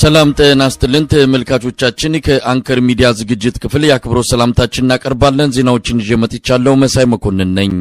ሰላም ጤና ይስጥልን ተመልካቾቻችን፣ ከአንከር ሚዲያ ዝግጅት ክፍል የአክብሮት ሰላምታችን እናቀርባለን። ዜናዎችን ይዤ መጥቻለሁ። መሳይ መኮንን ነኝ።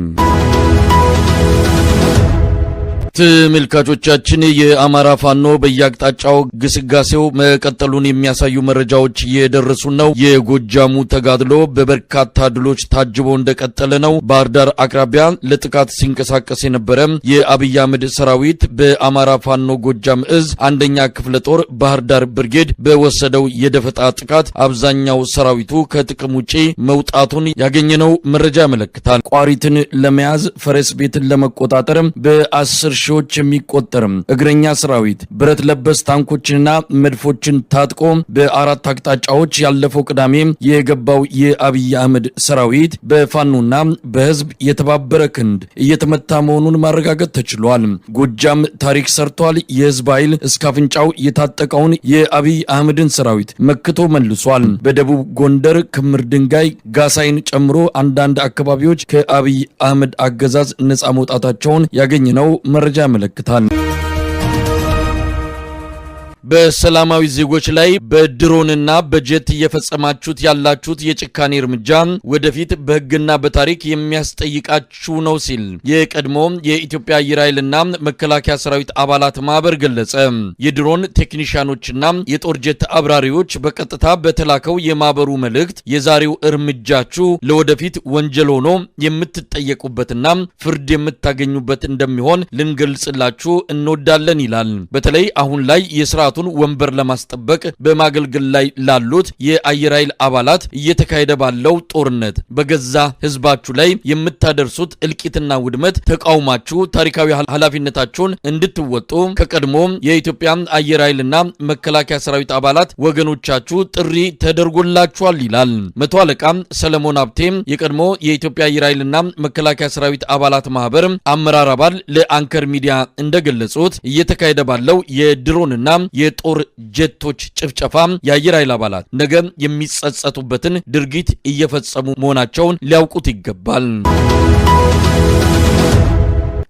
ተመልካቾቻችን የአማራ ፋኖ በየአቅጣጫው ግስጋሴው መቀጠሉን የሚያሳዩ መረጃዎች እየደረሱ ነው። የጎጃሙ ተጋድሎ በበርካታ ድሎች ታጅቦ እንደቀጠለ ነው። ባህር ዳር አቅራቢያ ለጥቃት ሲንቀሳቀስ የነበረ የአብይ አህመድ ሰራዊት በአማራ ፋኖ ጎጃም እዝ አንደኛ ክፍለ ጦር ባህር ዳር ብርጌድ በወሰደው የደፈጣ ጥቃት አብዛኛው ሰራዊቱ ከጥቅም ውጪ መውጣቱን ያገኘነው መረጃ ያመለክታል። ቋሪትን ለመያዝ ፈረስ ቤትን ለመቆጣጠር በአስር ሺዎች የሚቆጠርም እግረኛ ሰራዊት ብረት ለበስ ታንኮችንና መድፎችን ታጥቆ በአራት አቅጣጫዎች ያለፈው ቅዳሜ የገባው የአብይ አህመድ ሰራዊት በፋኖና በህዝብ የተባበረ ክንድ እየተመታ መሆኑን ማረጋገጥ ተችሏል። ጎጃም ታሪክ ሰርቷል። የህዝብ ኃይል እስከ አፍንጫው የታጠቀውን የአብይ አህመድን ሰራዊት መክቶ መልሷል። በደቡብ ጎንደር ክምር ድንጋይ ጋሳይን ጨምሮ አንዳንድ አካባቢዎች ከአብይ አህመድ አገዛዝ ነፃ መውጣታቸውን ያገኘነው መረ መረጃ ያመለክታል። በሰላማዊ ዜጎች ላይ በድሮንና በጀት እየፈጸማችሁት ያላችሁት የጭካኔ እርምጃ ወደፊት በሕግና በታሪክ የሚያስጠይቃችሁ ነው ሲል የቀድሞ የኢትዮጵያ አየር ኃይልና መከላከያ ሰራዊት አባላት ማህበር ገለጸ። የድሮን ቴክኒሽያኖችና የጦር ጀት አብራሪዎች በቀጥታ በተላከው የማህበሩ መልእክት የዛሬው እርምጃችሁ ለወደፊት ወንጀል ሆኖ የምትጠየቁበትና ፍርድ የምታገኙበት እንደሚሆን ልንገልጽላችሁ እንወዳለን ይላል። በተለይ አሁን ላይ የስርዓቱ የህወሓቱን ወንበር ለማስጠበቅ በማገልገል ላይ ላሉት የአየር ኃይል አባላት እየተካሄደ ባለው ጦርነት በገዛ ህዝባችሁ ላይ የምታደርሱት እልቂትና ውድመት ተቃውማችሁ ታሪካዊ ኃላፊነታችሁን እንድትወጡ ከቀድሞ የኢትዮጵያ አየር ኃይልና መከላከያ ሰራዊት አባላት ወገኖቻችሁ ጥሪ ተደርጎላችኋል ይላል መቶ አለቃ ሰለሞን ሀብቴ የቀድሞ የኢትዮጵያ አየር ኃይልና መከላከያ ሰራዊት አባላት ማህበር አመራር አባል ለአንከር ሚዲያ እንደገለጹት እየተካሄደ ባለው የድሮንና የ የጦር ጀቶች ጭፍጨፋ የአየር ኃይል አባላት ነገ የሚጸጸቱበትን ድርጊት እየፈጸሙ መሆናቸውን ሊያውቁት ይገባል።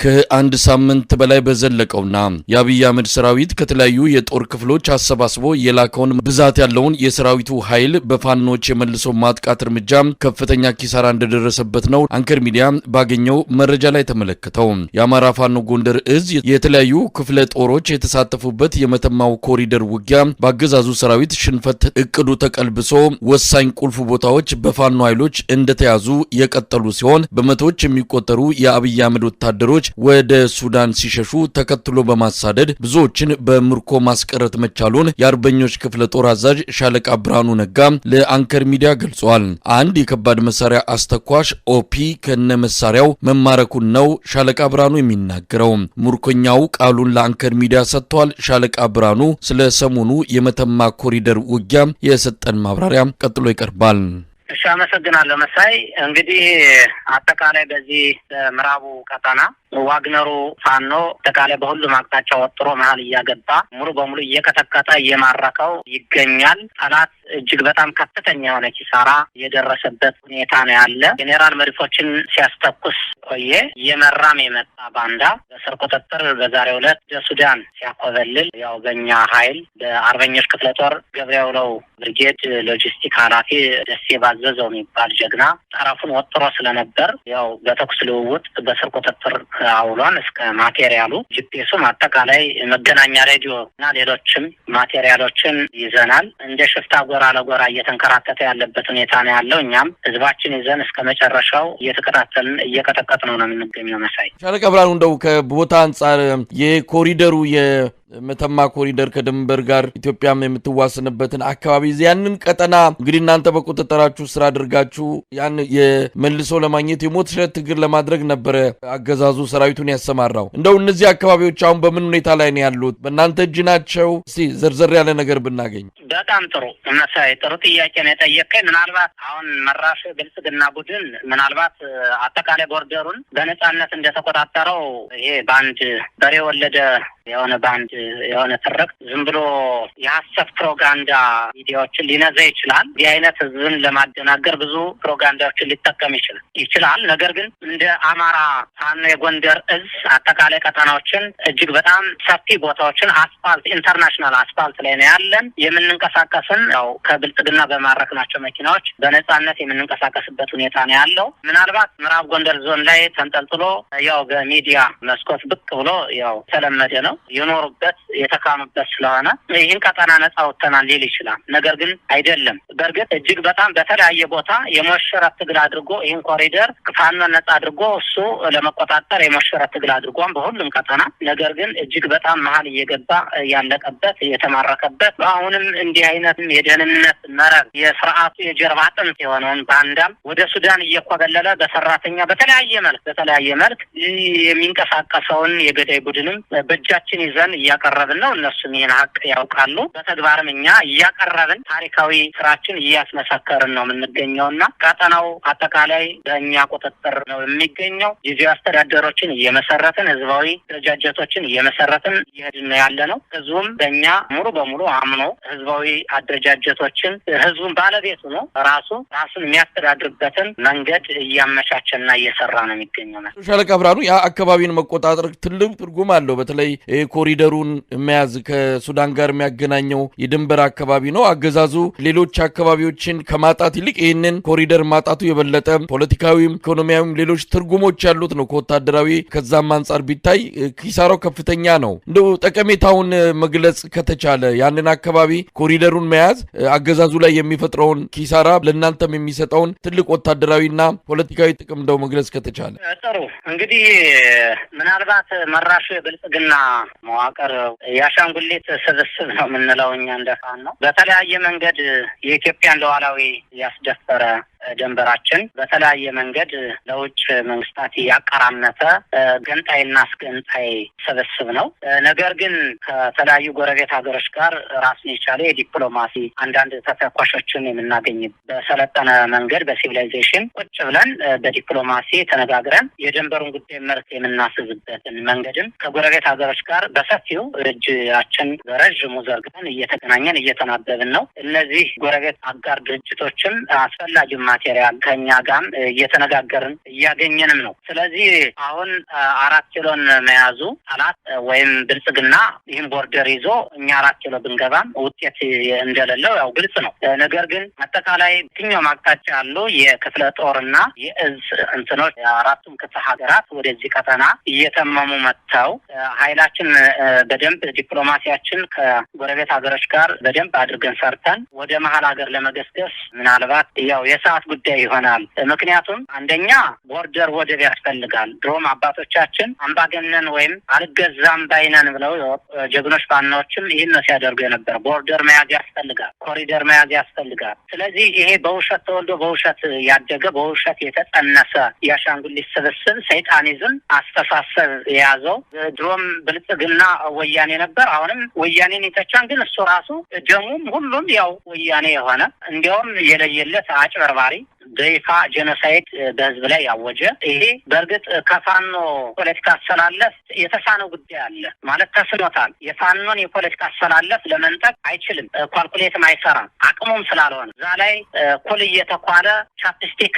ከአንድ ሳምንት በላይ በዘለቀውና የአብይ አህመድ ሰራዊት ከተለያዩ የጦር ክፍሎች አሰባስቦ የላከውን ብዛት ያለውን የሰራዊቱ ኃይል በፋኖች የመልሶ ማጥቃት እርምጃ ከፍተኛ ኪሳራ እንደደረሰበት ነው አንከር ሚዲያ ባገኘው መረጃ ላይ ተመለከተው። የአማራ ፋኖ ጎንደር እዝ የተለያዩ ክፍለ ጦሮች የተሳተፉበት የመተማው ኮሪደር ውጊያ በአገዛዙ ሰራዊት ሽንፈት እቅዱ ተቀልብሶ ወሳኝ ቁልፍ ቦታዎች በፋኖ ኃይሎች እንደተያዙ የቀጠሉ ሲሆን በመቶዎች የሚቆጠሩ የአብይ አህመድ ወታደሮች ወደ ሱዳን ሲሸሹ ተከትሎ በማሳደድ ብዙዎችን በምርኮ ማስቀረት መቻሉን የአርበኞች ክፍለ ጦር አዛዥ ሻለቃ ብርሃኑ ነጋ ለአንከር ሚዲያ ገልጿል። አንድ የከባድ መሳሪያ አስተኳሽ ኦፒ ከነ መሳሪያው መማረኩን ነው ሻለቃ ብርሃኑ የሚናገረው። ምርኮኛው ቃሉን ለአንከር ሚዲያ ሰጥቷል። ሻለቃ ብርሃኑ ስለ ሰሞኑ የመተማ ኮሪደር ውጊያ የሰጠን ማብራሪያ ቀጥሎ ይቀርባል። እሺ፣ አመሰግናለሁ መሳይ። እንግዲህ አጠቃላይ በዚህ በምዕራቡ ቀጠና ዋግነሩ ፋኖ አጠቃላይ በሁሉም አቅጣጫ ወጥሮ መሀል እያገባ ሙሉ በሙሉ እየቀጠቀጠ እየማረከው ይገኛል። ጠላት እጅግ በጣም ከፍተኛ የሆነ ኪሳራ የደረሰበት ሁኔታ ነው ያለ። ጄኔራል መሪፎችን ሲያስተኩስ ቆየ። የመራም የመጣ ባንዳ በስር ቁጥጥር በዛሬው ዕለት ወደ ሲያኮበልል ያው በኛ ኃይል በአርበኞች ክፍለ ጦር ለው ብርጌድ ሎጂስቲክ ኃላፊ ደሴ ባዘዘው የሚባል ጀግና ጠረፉን ወጥሮ ስለነበር ያው በተኩስ ልውውጥ በስር ቁጥጥር አውሏን እስከ ማቴሪያሉ ጂፒኤሱም አጠቃላይ መገናኛ ሬዲዮ እና ሌሎችም ማቴሪያሎችን ይዘናል። እንደ ሽፍታ ጎራ ለጎራ እየተንከራተተ ያለበት ሁኔታ ነው ያለው። እኛም ህዝባችን ይዘን እስከ መጨረሻው እየተከታተልን እየቀጠቀጥ ነው ነው የምንገኘው። መሳይ ሻለቃ ብርሃኑ እንደው ከቦታ አንጻር የኮሪደሩ መተማ ኮሪደር ከድንበር ጋር ኢትዮጵያም የምትዋሰንበትን አካባቢ ያንን ቀጠና እንግዲህ እናንተ በቁጥጥራችሁ ስራ አድርጋችሁ ያን የመልሶ ለማግኘት የሞት ሽረት ትግል ለማድረግ ነበረ አገዛዙ ሰራዊቱን ያሰማራው። እንደው እነዚህ አካባቢዎች አሁን በምን ሁኔታ ላይ ነው ያሉት? በእናንተ እጅ ናቸው? እስኪ ዘርዘር ያለ ነገር ብናገኝ በጣም ጥሩ። መሳይ ጥሩ ጥያቄ ነው የጠየቀኝ። ምናልባት አሁን መራሽ ብልጽግና ቡድን ምናልባት አጠቃላይ ቦርደሩን በነጻነት እንደተቆጣጠረው ይሄ በአንድ በሬ ወለደ የሆነ በአንድ የሆነ ትርክት ዝም ብሎ የሀሰት ፕሮጋንዳ ሚዲያዎችን ሊነዛ ይችላል። ይህ አይነት ህዝብን ለማደናገር ብዙ ፕሮጋንዳዎችን ሊጠቀም ይችላል ይችላል። ነገር ግን እንደ አማራ ፋኖ የጎንደር እዝ አጠቃላይ ቀጠናዎችን እጅግ በጣም ሰፊ ቦታዎችን አስፋልት ኢንተርናሽናል አስፋልት ላይ ነው ያለን። የምንንቀሳቀስን ያው ከብልጽግና በማረክ ናቸው መኪናዎች በነጻነት የምንንቀሳቀስበት ሁኔታ ነው ያለው። ምናልባት ምዕራብ ጎንደር ዞን ላይ ተንጠልጥሎ ያው በሚዲያ መስኮት ብቅ ብሎ ያው ተለመደ ነው የኖሩበት ያሉበት የተካኑበት ስለሆነ ይህን ቀጠና ነጻ ወጥተናል ሊል ይችላል። ነገር ግን አይደለም። በእርግጥ እጅግ በጣም በተለያየ ቦታ የመሸረት ትግል አድርጎ ይህን ኮሪደር ፋኖ ነጻ አድርጎ እሱ ለመቆጣጠር የመሸረት ትግል አድርጓም በሁሉም ቀጠና ነገር ግን እጅግ በጣም መሀል እየገባ ያለቀበት የተማረከበት አሁንም እንዲህ አይነት የደህንነት መረብ የስርዓቱ የጀርባ አጥንት የሆነውን ባንዳም ወደ ሱዳን እየኮበለለ በሰራተኛ በተለያየ መልክ በተለያየ መልክ የሚንቀሳቀሰውን የገዳይ ቡድንም በእጃችን ይዘን እያ እያቀረብን ነው። እነሱም ይህን ሀቅ ያውቃሉ። በተግባርም እኛ እያቀረብን ታሪካዊ ስራችን እያስመሰከርን ነው የምንገኘው እና ቀጠናው አጠቃላይ በእኛ ቁጥጥር ነው የሚገኘው። ጊዜያዊ አስተዳደሮችን እየመሰረትን ህዝባዊ አደረጃጀቶችን እየመሰረትን እየሄድን ነው ያለ ነው። ህዝቡም በእኛ ሙሉ በሙሉ አምኖ ህዝባዊ አደረጃጀቶችን ህዝቡን ባለቤቱ ነው ራሱ ራሱን የሚያስተዳድርበትን መንገድ እያመቻቸና እየሰራ ነው የሚገኘው። ሻለቃ ብርሃኑ፣ የአካባቢን መቆጣጠር ትልቅ ትርጉም አለው። በተለይ ኮሪደሩን ሱዳንን መያዝ ከሱዳን ጋር የሚያገናኘው የድንበር አካባቢ ነው። አገዛዙ ሌሎች አካባቢዎችን ከማጣት ይልቅ ይህንን ኮሪደር ማጣቱ የበለጠ ፖለቲካዊም፣ ኢኮኖሚያዊም ሌሎች ትርጉሞች ያሉት ነው። ከወታደራዊ ከዛም አንጻር ቢታይ ኪሳራው ከፍተኛ ነው። እንደው ጠቀሜታውን መግለጽ ከተቻለ ያንን አካባቢ ኮሪደሩን መያዝ አገዛዙ ላይ የሚፈጥረውን ኪሳራ ለእናንተም የሚሰጠውን ትልቅ ወታደራዊና ፖለቲካዊ ጥቅም እንደው መግለጽ ከተቻለ ጥሩ። እንግዲህ ምናልባት መራሹ የብልጽግና መዋቅር የአሻንጉሊት ስብስብ ነው የምንለው እኛ እንደፋን ነው። በተለያየ መንገድ የኢትዮጵያን ሉዓላዊ ያስደፈረ ድንበራችን በተለያየ መንገድ ለውጭ መንግስታት ያቀራመተ ገንጣይና አስገንጣይ ስብስብ ነው። ነገር ግን ከተለያዩ ጎረቤት ሀገሮች ጋር ራሱን የቻለ የዲፕሎማሲ አንዳንድ ተተኳሾችን የምናገኝ በሰለጠነ መንገድ በሲቪላይዜሽን ቁጭ ብለን በዲፕሎማሲ ተነጋግረን የድንበሩን ጉዳይ መርት የምናስዝበትን መንገድም ከጎረቤት ሀገሮች ጋር በሰፊው እጃችን በረዥሙ ዘርግተን እየተገናኘን እየተናበብን ነው። እነዚህ ጎረቤት አጋር ድርጅቶችም አስፈላጊ ማቴሪያል ከኛ ጋም እየተነጋገርን እያገኘንም ነው። ስለዚህ አሁን አራት ኪሎን መያዙ ጠላት ወይም ብልጽግና ይህን ቦርደር ይዞ እኛ አራት ኪሎ ብንገባም ውጤት እንደሌለው ያው ግልጽ ነው። ነገር ግን አጠቃላይ የትኛውም ማቅጣጫ ያሉ የክፍለ ጦርና የእዝ እንትኖች አራቱም ክፍለ ሀገራት ወደዚህ ቀጠና እየተመሙ መጥተው ኃይላችን በደንብ ዲፕሎማሲያችን ከጎረቤት ሀገሮች ጋር በደንብ አድርገን ሰርተን ወደ መሀል ሀገር ለመገስገስ ምናልባት ያው የሰዓት የጥናት ጉዳይ ይሆናል። ምክንያቱም አንደኛ ቦርደር ወደብ ያስፈልጋል። ድሮም አባቶቻችን አምባገነን ወይም አልገዛም ባይነን ብለው ጀግኖች ባናዎችም ይህን ነው ሲያደርጉ የነበረ። ቦርደር መያዝ ያስፈልጋል፣ ኮሪደር መያዝ ያስፈልጋል። ስለዚህ ይሄ በውሸት ተወልዶ በውሸት ያደገ በውሸት የተጸነሰ የአሻንጉሊት ስብስብ ሰይጣኒዝም አስተሳሰብ የያዘው ድሮም ብልጽግና ወያኔ ነበር። አሁንም ወያኔን የተቻን ግን እሱ ራሱ ደሙም ሁሉም ያው ወያኔ የሆነ እንዲያውም የለየለት አጭበርባ body በይፋ ጄኖሳይድ በህዝብ ላይ ያወጀ ይሄ በእርግጥ ከፋኖ ፖለቲካ አሰላለፍ የተሳነው ጉዳይ አለ ማለት ተስኖታል። የፋኖን የፖለቲካ አሰላለፍ ለመንጠቅ አይችልም፣ ኳልኩሌትም አይሰራም፣ አቅሙም ስላልሆነ እዛ ላይ ኩል እየተኳለ ቻፕስቲክ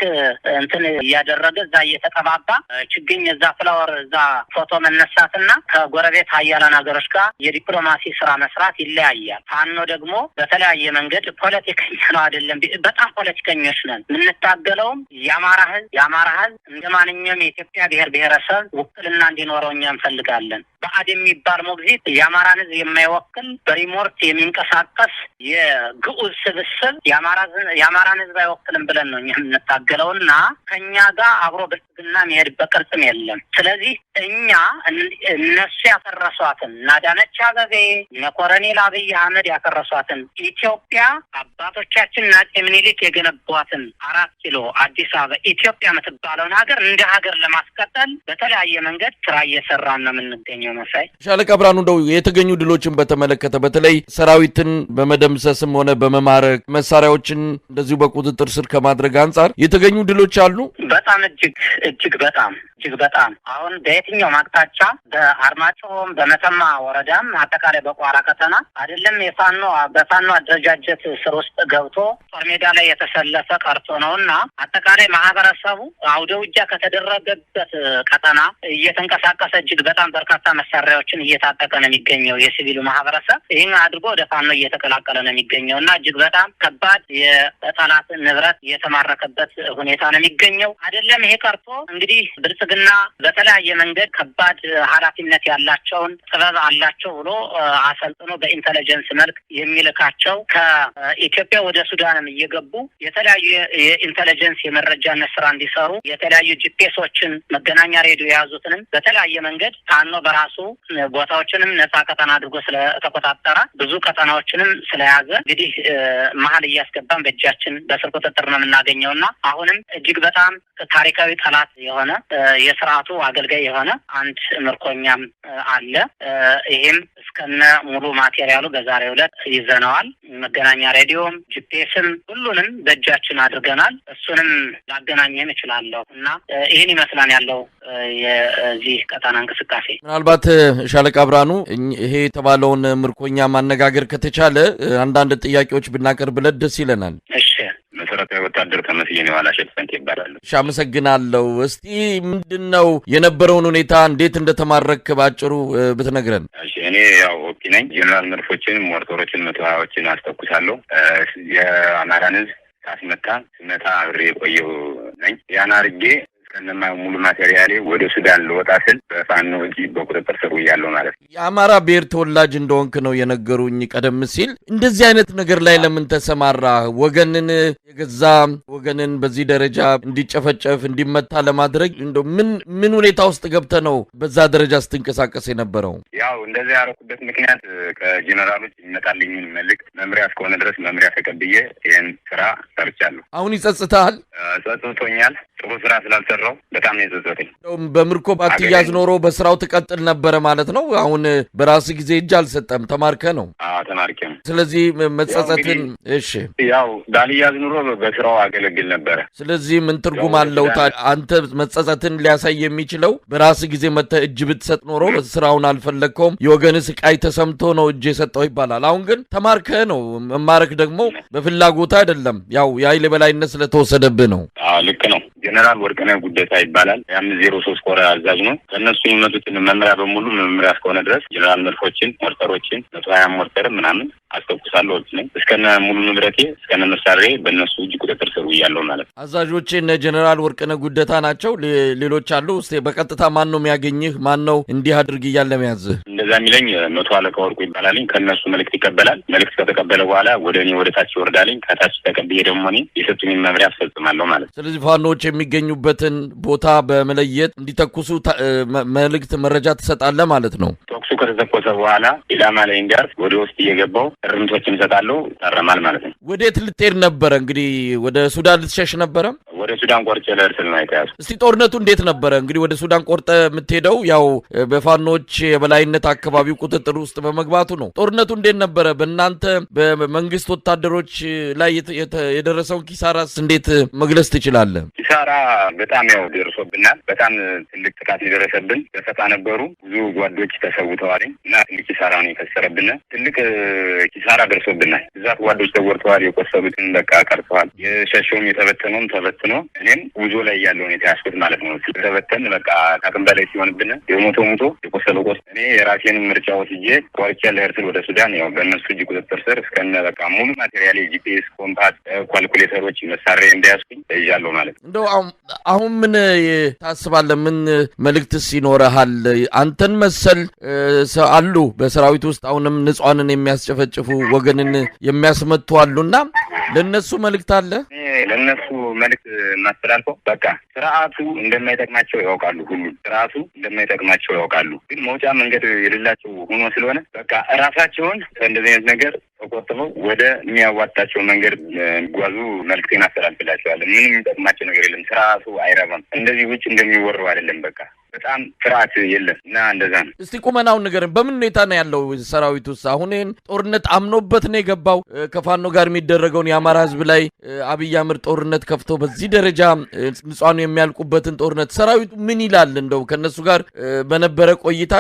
እንትን እያደረገ እዛ እየተቀባባ ችግኝ እዛ ፍላወር እዛ ፎቶ መነሳትና ከጎረቤት ሀያላን ሀገሮች ጋር የዲፕሎማሲ ስራ መስራት ይለያያል። ፋኖ ደግሞ በተለያየ መንገድ ፖለቲከኛ ነው አይደለም፣ በጣም ፖለቲከኞች ነን ምንታ የምንታገለውም የአማራ ህዝብ የአማራ ህዝብ እንደ ማንኛውም የኢትዮጵያ ብሔር ብሔረሰብ ውክልና እንዲኖረው እኛ እንፈልጋለን። በአድ የሚባል ሞግዚት የአማራን ህዝብ የማይወክል በሪሞርት የሚንቀሳቀስ የግዑዝ ስብስብ የአማራን ህዝብ አይወክልም ብለን ነው እኛ የምንታገለው እና ከእኛ ጋር አብሮ ብልጽግና መሄድ በቅርጽም የለም። ስለዚህ እኛ እነሱ ያፈረሷትን እነ አዳነች አበቤ እነ አብይ አህመድ ያፈረሷትን ኢትዮጵያ አባቶቻችን አፄ ምኒልክ የገነቧትን አራት ኪሎ አዲስ አበባ ኢትዮጵያ የምትባለውን ሀገር እንደ ሀገር ለማስቀጠል በተለያየ መንገድ ስራ እየሰራን ነው የምንገኘው። መሳይ ሻለቃ ብርሃኑ፣ እንደው የተገኙ ድሎችን በተመለከተ በተለይ ሰራዊትን በመደምሰስም ሆነ በመማረክ መሳሪያዎችን እንደዚሁ በቁጥጥር ስር ከማድረግ አንጻር የተገኙ ድሎች አሉ። በጣም እጅግ እጅግ በጣም እጅግ በጣም አሁን በየትኛውም አቅጣጫ በአርማጭሆም በመተማ ወረዳም አጠቃላይ በቋራ ከተማ አይደለም የፋኖ በፋኖ አደረጃጀት ስር ውስጥ ገብቶ ጦር ሜዳ ላይ የተሰለፈ ቀርቶ ነውና እና አጠቃላይ ማህበረሰቡ አውደ ውጊያ ከተደረገበት ቀጠና እየተንቀሳቀሰ እጅግ በጣም በርካታ መሳሪያዎችን እየታጠቀ ነው የሚገኘው የሲቪሉ ማህበረሰብ። ይህን አድርጎ ወደ ፋኖ እየተቀላቀለ ነው የሚገኘው እና እጅግ በጣም ከባድ የጠላት ንብረት የተማረከበት ሁኔታ ነው የሚገኘው። አይደለም ይሄ ቀርቶ እንግዲህ ብልጽግና በተለያየ መንገድ ከባድ ኃላፊነት ያላቸውን ጥበብ አላቸው ብሎ አሰልጥኖ በኢንተለጀንስ መልክ የሚልካቸው ከኢትዮጵያ ወደ ሱዳንም እየገቡ የተለያዩ ኢንቴሊጀንስ የመረጃነት ስራ እንዲሰሩ የተለያዩ ጂፒኤሶችን መገናኛ ሬዲዮ የያዙትንም በተለያየ መንገድ ፋኖ በራሱ ቦታዎችንም ነጻ ቀጠና አድርጎ ስለተቆጣጠረ ብዙ ቀጠናዎችንም ስለያዘ እንግዲህ መሀል እያስገባን በእጃችን በስር ቁጥጥር ነው የምናገኘው እና አሁንም እጅግ በጣም ታሪካዊ ጠላት የሆነ የስርዓቱ አገልጋይ የሆነ አንድ ምርኮኛም አለ። ይህም እስከነ ሙሉ ማቴሪያሉ በዛሬው ዕለት ይዘነዋል። መገናኛ ሬዲዮም ጂፒኤስም ሁሉንም በእጃችን አድርገናል። እሱንም ላገናኘን እችላለሁ እና ይህን ይመስላል ያለው የዚህ ቀጠና እንቅስቃሴ። ምናልባት ሻለቃ ብርሃኑ ይሄ የተባለውን ምርኮኛ ማነጋገር ከተቻለ አንዳንድ ጥያቄዎች ብናቀርብለት ደስ ይለናል። እሺ። መሰረታዊ ወታደር ተመስዬ ነው። ሸፈንት ይባላሉ። እሺ፣ አመሰግናለሁ። እስቲ ምንድን ነው የነበረውን ሁኔታ እንዴት እንደተማረክ ባጭሩ ብትነግረን። እኔ ያው ኦፒ ነኝ። ጀኔራል መድፎችን፣ ሞርተሮችን፣ መቶ ሀያዎችን አስተኩሳለሁ የአማራን ህዝብ አስመጣ ስመታ አብሬ የቆየው ነኝ ያን አርጌ ከነማ ሙሉ ማቴሪያሌ ወደ ሱዳን ልወጣ ስል በፋኖ እጅ በቁጥጥር ስር ውያለሁ ማለት ነው። የአማራ ብሔር ተወላጅ እንደሆንክ ነው የነገሩኝ ቀደም ሲል። እንደዚህ አይነት ነገር ላይ ለምን ተሰማራ? ወገንን የገዛ ወገንን በዚህ ደረጃ እንዲጨፈጨፍ እንዲመታ ለማድረግ እንደ ምን ምን ሁኔታ ውስጥ ገብተ ነው በዛ ደረጃ ስትንቀሳቀስ የነበረው? ያው እንደዚህ ያደረኩበት ምክንያት ከጄኔራሎች የሚመጣልኝን መልእክት መምሪያ እስከሆነ ድረስ መምሪያ ተቀብዬ ይህን ስራ ሰርቻለሁ። አሁን ይጸጽታል? ጸጽቶኛል። ጥሩ ስራ ስላልሰሩ ነው። በጣም የዘዘተኝ። በምርኮ ባትያዝ ኖሮ በስራው ትቀጥል ነበረ ማለት ነው። አሁን በራስ ጊዜ እጅ አልሰጠም ተማርከ ነው ተማርኬ ነው። ስለዚህ መጸጸትን እሺ፣ ያው ባልያዝ ኑሮ በስራው አገለግል ነበረ። ስለዚህ ምን ትርጉም አለው አንተ መጸጸትን ሊያሳይ የሚችለው በራስ ጊዜ መተ እጅ ብትሰጥ ኖሮ ስራውን አልፈለግከውም፣ የወገን ስቃይ ተሰምቶ ነው እጅ የሰጠው ይባላል። አሁን ግን ተማርከ ነው። መማረክ ደግሞ በፍላጎት አይደለም፣ ያው የኃይል የበላይነት ስለተወሰደብህ ነው። ልክ ነው። ጀነራል ወርቅነህ ጉደታ ይባላል። የአምስት ዜሮ ሶስት ኮረ አዛዥ ነው። ከእነሱ የሚመጡትን መመሪያ በሙሉ መመሪያ እስከሆነ ድረስ ጀነራል መድፎችን፣ ሞርተሮችን መቶ ሀያ ሞርተር ምናምን አስተኩሳለሁ ነኝ እስከነ ሙሉ ንብረቴ እስከነ መሳሬ በእነሱ እጅ ቁጥጥር ስር ውያለሁ ማለት ነው። አዛዦች እነ ጀነራል ወርቅነህ ጉደታ ናቸው። ሌሎች አሉ። ስ በቀጥታ ማን ነው የሚያገኝህ? ማን ነው እንዲህ አድርግ እያለ መያዝህ? እንደዛ የሚለኝ መቶ አለቃ ወርቁ ይባላልኝ። ከእነሱ መልእክት ይቀበላል። መልእክት ከተቀበለ በኋላ ወደ እኔ ወደ ታች ይወርዳልኝ። ከታች ተቀብዬ ደግሞ እኔ የሰጡኝን መምሪያ አስፈጽማለሁ ማለት ስለዚህ ፋኖች የሚገኙበትን ቦታ በመለየት እንዲተኩሱ መልእክት፣ መረጃ ትሰጣለ ማለት ነው። ተኩሱ ከተተኮሰ በኋላ ኢላማ ላይ እንዲያርፍ ወደ ውስጥ እየገባው እርምቶችን ይሰጣለሁ፣ ይታረማል ማለት ነው። ወዴት ልትሄድ ነበረ? እንግዲህ ወደ ሱዳን ልትሸሽ ነበረ? ወደ ሱዳን ቆርጬ ልሄድ ስል ነው የተያዝኩት። እስቲ ጦርነቱ እንዴት ነበረ? እንግዲህ ወደ ሱዳን ቆርጠ የምትሄደው ያው በፋኖች የበላይነት አካባቢው ቁጥጥር ውስጥ በመግባቱ ነው። ጦርነቱ እንዴት ነበረ? በእናንተ በመንግስት ወታደሮች ላይ የደረሰውን ኪሳራስ እንዴት መግለጽ ትችላለህ? ኪሳራ በጣም ያው ደርሶብናል። በጣም ትልቅ ጥቃት የደረሰብን በፈጣ ነበሩ። ብዙ ጓዶች ተሰውተዋል እና ትልቅ ኪሳራ ነው የከሰረብን። ትልቅ ኪሳራ ደርሶብናል። ብዛት ጓዶች ተጎድተዋል። የቆሰሉትን በቃ ቀርተዋል። የሸሸውም የተበተነውም ተበትነ ነው። እኔም ጉዞ ላይ ያለው ሁኔታ ያስኩት ማለት ነው። ስለተበተን በቃ አቅም በላይ ሲሆንብን የሞቶ ሞቶ የቆሰሉ ቆስ እኔ የራሴን ምርጫ ወስጄ ቆርጬ ለእርትል ወደ ሱዳን ያው በእነሱ እጅ ቁጥጥር ስር እስከነ በቃ ሙሉ ማቴሪያል የጂፒኤስ ኮምፓስ፣ ኳልኩሌተሮች መሳሪያ እንዳያስኩኝ እያለሁ ማለት ነው። እንደው አሁን ምን ታስባለህ? ምን መልእክትስ ይኖረሃል? አንተን መሰል አሉ በሰራዊት ውስጥ አሁንም ንጹሐንን የሚያስጨፈጭፉ ወገንን የሚያስመቱ አሉና ለእነሱ መልእክት አለ ለእነሱ መልዕክት ማስተላልፈው በቃ ስርዓቱ እንደማይጠቅማቸው ያውቃሉ፣ ሁሉ ስርዓቱ እንደማይጠቅማቸው ያውቃሉ። ግን መውጫ መንገድ የሌላቸው ሆኖ ስለሆነ በቃ እራሳቸውን እንደዚህ አይነት ነገር ተቆጥበው ወደ የሚያዋጣቸው መንገድ ጓዙ መልክቴን አስተላልፍላቸዋለን። ምንም የሚጠቅማቸው ነገር የለም። ስርዓቱ አይረባም። እንደዚህ ውጭ እንደሚወረው አይደለም በቃ በጣም ፍርሃት የለም እና እንደዛ ነው። እስቲ ቁመናውን ንገረን። በምን ሁኔታ ነው ያለው ሰራዊት ውስጥ? አሁን ይህን ጦርነት አምኖበት ነው የገባው ከፋኖ ጋር የሚደረገውን የአማራ ህዝብ ላይ አብይ አምር ጦርነት ከፍቶ በዚህ ደረጃ ንጹሃኑ የሚያልቁበትን ጦርነት ሰራዊቱ ምን ይላል? እንደው ከነሱ ጋር በነበረ ቆይታ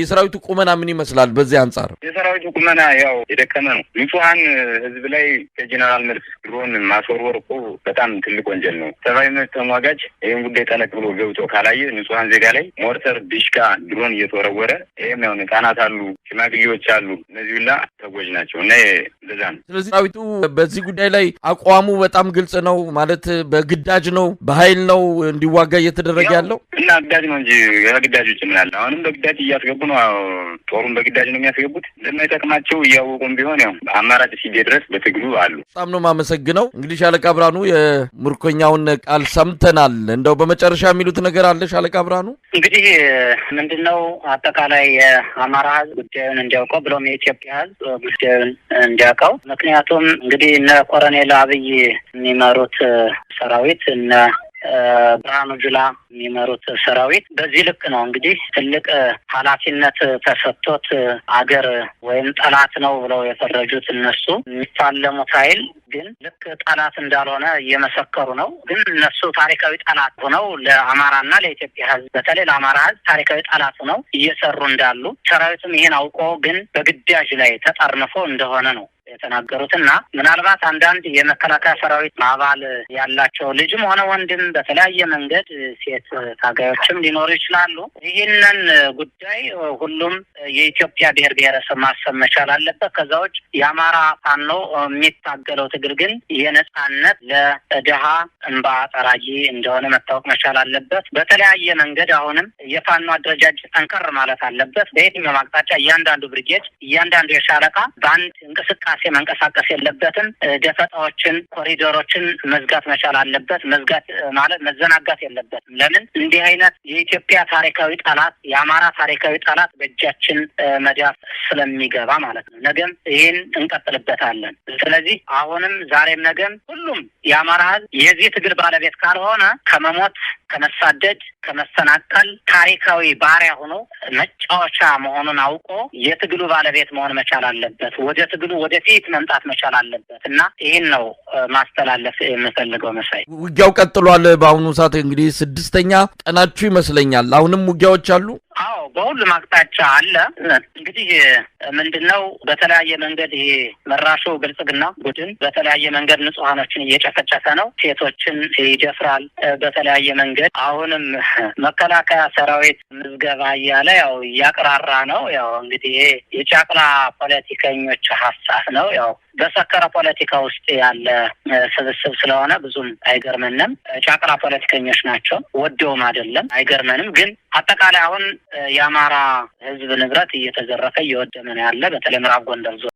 የሰራዊቱ ቁመና ምን ይመስላል? በዚህ አንጻር የሰራዊቱ ቁመና ያው የደከመ ነው። ንጹሀን ህዝብ ላይ ከጀኔራል መልስ ድሮን ማስወርወር እኮ በጣም ትልቅ ወንጀል ነው። ሰብአዊ መብት ተሟጋጅ ይህን ጉዳይ ጠለቅ ብሎ ገብቶ ካላየ ንጹሀን ዜጋ ላይ ሞርተር፣ ዲሽቃ፣ ድሮን እየተወረወረ ይህም ሆን ህጻናት አሉ፣ ሽማግሌዎች አሉ። እነዚህ ሁላ ተጎጂ ናቸው እና ስለዚህ ሰራዊቱ በዚህ ጉዳይ ላይ አቋሙ በጣም ግልጽ ነው ማለት በግዳጅ ነው በኃይል ነው እንዲዋጋ እየተደረገ ያለው እና ግዳጅ ነው እንጂ ከግዳጅ ውጭ ምን አሁንም በግዳጅ እያስገቡ ነው። ጦሩን በግዳጅ ነው የሚያስገቡት። እንደማይጠቅማቸው እያወቁም ቢሆን ያው አማራጭ ሲዴ ድረስ በትግሉ አሉ። በጣም ነው የማመሰግነው። እንግዲህ ሻለቃ ብርሃኑ የምርኮኛውን ቃል ሰምተናል። እንደው በመጨረሻ የሚሉት ነገር አለ ሻለቃ ብርሃኑ? እንግዲህ ምንድን ነው አጠቃላይ የአማራ ህዝብ ጉዳዩን እንዲያውቀው ብሎም የኢትዮጵያ ህዝብ ጉዳዩን እንዲያ የሚያውቀው። ምክንያቱም እንግዲህ እነ ኮረኔል አብይ የሚመሩት ሰራዊት እነ ብርሃኑ ጁላ የሚመሩት ሰራዊት በዚህ ልክ ነው እንግዲህ ትልቅ ኃላፊነት ተሰጥቶት አገር ወይም ጠላት ነው ብለው የፈረጁት እነሱ የሚፋለሙት ኃይል ግን ልክ ጠላት እንዳልሆነ እየመሰከሩ ነው። ግን እነሱ ታሪካዊ ጠላት ሆነው ለአማራና ለኢትዮጵያ ሕዝብ በተለይ ለአማራ ሕዝብ ታሪካዊ ጠላት ሆነው እየሰሩ እንዳሉ ሰራዊቱም ይህን አውቆ ግን በግዳጅ ላይ ተጠርንፎ እንደሆነ ነው የተናገሩት ምናልባት አንዳንድ የመከላከያ ሰራዊት አባል ያላቸው ልጅም ሆነ ወንድም በተለያየ መንገድ ሴት ታጋዮችም ሊኖሩ ይችላሉ። ይህንን ጉዳይ ሁሉም የኢትዮጵያ ብሔር ብሔረሰብ ማሰብ መቻል አለበት። ከዛ ውጭ የአማራ ፋኖ የሚታገለው ትግል ግን የነጻነት ለድሀ እንባ ጠራጊ እንደሆነ መታወቅ መቻል አለበት። በተለያየ መንገድ አሁንም የፋኖ አደረጃጀት ጠንከር ማለት አለበት። በየትኛውም አቅጣጫ እያንዳንዱ ብርጌድ፣ እያንዳንዱ የሻለቃ በአንድ እንቅስቃሴ እንቅስቃሴ መንቀሳቀስ የለበትም። ደፈጣዎችን፣ ኮሪደሮችን መዝጋት መቻል አለበት። መዝጋት ማለት መዘናጋት የለበትም። ለምን እንዲህ አይነት የኢትዮጵያ ታሪካዊ ጠላት፣ የአማራ ታሪካዊ ጠላት በእጃችን መዳፍ ስለሚገባ ማለት ነው። ነገም ይህን እንቀጥልበታለን። ስለዚህ አሁንም ዛሬም ነገም ሁሉም የአማራ ህዝብ የዚህ ትግል ባለቤት ካልሆነ ከመሞት ከመሳደድ ከመሰናቀል ታሪካዊ ባሪያ ሆኖ መጫወቻ መሆኑን አውቆ የትግሉ ባለቤት መሆን መቻል አለበት። ወደ ትግሉ ወደ ወደፊት መምጣት መቻል አለበት እና ይህን ነው ማስተላለፍ የምፈልገው። መሳይ ውጊያው ቀጥሏል። በአሁኑ ሰዓት እንግዲህ ስድስተኛ ቀናችሁ ይመስለኛል። አሁንም ውጊያዎች አሉ። አዎ በሁሉም አቅጣጫ አለ። እንግዲህ ምንድን ነው በተለያየ መንገድ ይሄ መራሹ ብልጽግና ቡድን በተለያየ መንገድ ንጹሐኖችን እየጨፈጨፈ ነው፣ ሴቶችን ይደፍራል በተለያየ መንገድ። አሁንም መከላከያ ሰራዊት ምዝገባ እያለ ያው እያቅራራ ነው። ያው እንግዲህ ይሄ የጨቅላ ፖለቲከኞች ሀሳብ ነው። ያው በሰከረ ፖለቲካ ውስጥ ያለ ስብስብ ስለሆነ ብዙም አይገርመንም። ጫቅራ ፖለቲከኞች ናቸው፣ ወደውም አይደለም፣ አይገርመንም። ግን አጠቃላይ አሁን የአማራ ህዝብ ንብረት እየተዘረፈ እየወደመ ነው ያለ በተለይ ምዕራብ ጎንደር